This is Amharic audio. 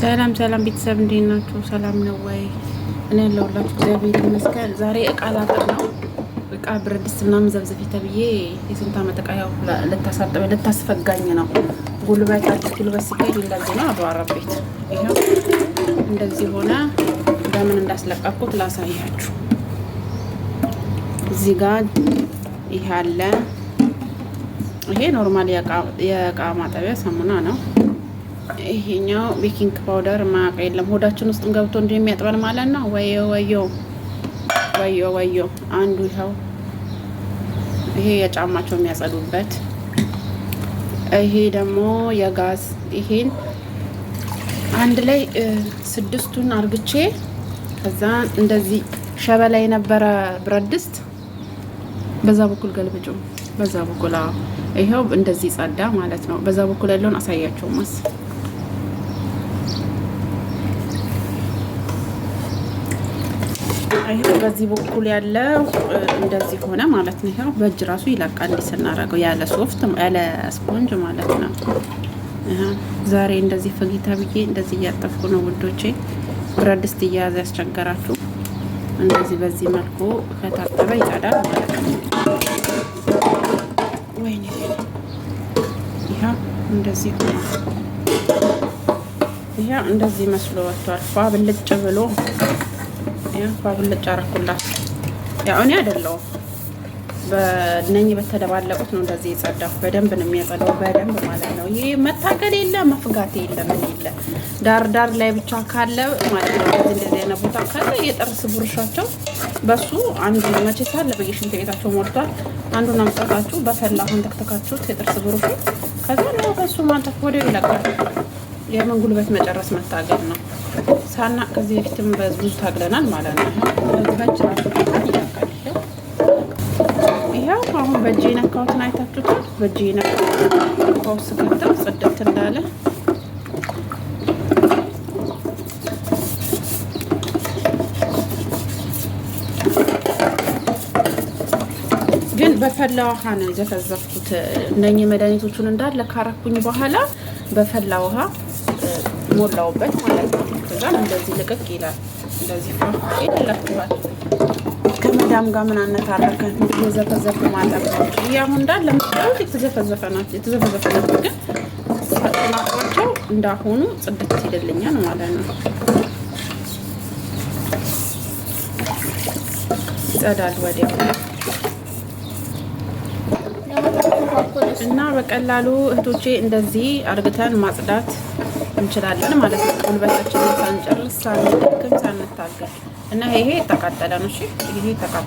ሰላም ሰላም ቤተሰብ እንዴት ናችሁ? ሰላም ነው ወይ? እኔ ያለሁላችሁ እግዚአብሔር ይመስገን። ዛሬ እቃ ላጥብ ነው። እቃ ብረት ድስት ምናምን ዘብዘፊ ተብዬ የስንት ዓመት እቃ ያው ልታሳጥበ ልታስፈጋኝ ነው። ጉልበታችሁ ጉልበት ሲገኝ እንደዚህ ነው። አባራ ቤት ይኸው እንደዚህ ሆነ። በምን እንዳስለቀኩት ላሳያችሁ። እዚህ ጋር ይህ አለ። ይሄ ኖርማል የእቃ ማጠቢያ ሳሙና ነው። ይሄኛው ቤኪንግ ፓውደር ማቅ የለም ሆዳችን ውስጥም ገብቶ እንደሚያጥበን ማለት ነው። ወዮ ወዮ ወዮ ወዮ አንዱ ይኸው ይሄ የጫማቸው የሚያጸዱበት ይሄ ደግሞ የጋዝ ይሄን አንድ ላይ ስድስቱን አርግቼ ከዛ እንደዚህ ሸበላ የነበረ ብረት ድስት በዛ በኩል ገልብጩ በዛ በኩል ይኸው እንደዚህ ጸዳ ማለት ነው። በዛ በኩል ያለውን አሳያቸው ማስ ይኸው በዚህ በኩል ያለው እንደዚህ ሆነ ማለት ነው። ይሄው በእጅ ራሱ ይለቃል ስናደርገው ያለ ሶፍት ያለ ስፖንጅ ማለት ነው። ዛሬ እንደዚህ ፈጊታ ብዬ እንደዚህ እያጠፍኩ ነው ውዶቼ። ብረት ድስት ያስቸገራችሁ እንደዚህ በዚህ መልኩ ከታጠበ ይጸዳል ማለት ነው። ወይኔ ይኸው እንደዚህ ሆነ። ይኸው እንደዚህ መስሎ ወጥቷል። ፏ ብልጭ ብሎ ባብልጭ አረኩላት። ያው እኔ አይደለሁም በእነኚህ በተደባለቁት ነው እንደዚህ የጸዳሁ። በደንብ ነው የሚያጸዳው፣ በደንብ ማለት ነው። ይህ መታገል የለ መፍጋት የለ ምን የለ፣ ዳር ዳር ላይ ብቻ ካለ ማለት ነው። እንደዚህ እንደዚህ አይነት ቦታ ካለ የጥርስ ብሩሻቸው በሱ አንዱ መቼታ በየሽንት ቤታቸው ሞልቷል። አንዱን አምጣታችሁ በፈላሁን ተክተካችሁት የጥርስ ብሩሹ ከዛ ነው በሱ ማንተፍ ወደ ይለቃል። የምን ጉልበት መጨረስ መታገል ነው። ሳና ከዚህ በፊትም በብዙ ታግለናል ማለት ነው። በእጃችን ይኸው አሁን በእጅ የነካሁትን አይታችሁታል። በእጅ የነካሁት ከውስጥ ከተው ጽድት እንዳለ ግን በፈላ ውሃ ነው የዘፈዘፍኩት። እነኚህ መድኃኒቶቹን እንዳለ ካረኩኝ በኋላ በፈላ ውሃ ሞላውበት ማለት ነው። ከዛም እንደዚህ ልቅቅ ይላል። እንደዚህ ይላችኋል። ከመዳም ጋር ምን አነታረከን የተዘፈዘፈ ማጠብ ነው። አሁን እንዳለ ለምታዩት የተዘፈዘፈ ናቸው። የተዘፈዘፈ ናቸው ግን ሳጥናቸው እንዳሆኑ ጽድት ይልልኛል ማለት ነው። ይጸዳል ወዲያው እና በቀላሉ እህቶቼ እንደዚህ አርግተን ማጽዳት እንችላለን ማለት ነው። ጉልበታችንን ሳንጨርስ ሳንደክም ሳንታገል እና ይሄ የተቃጠለ ነው። እሺ ይሄ የተቃጠለ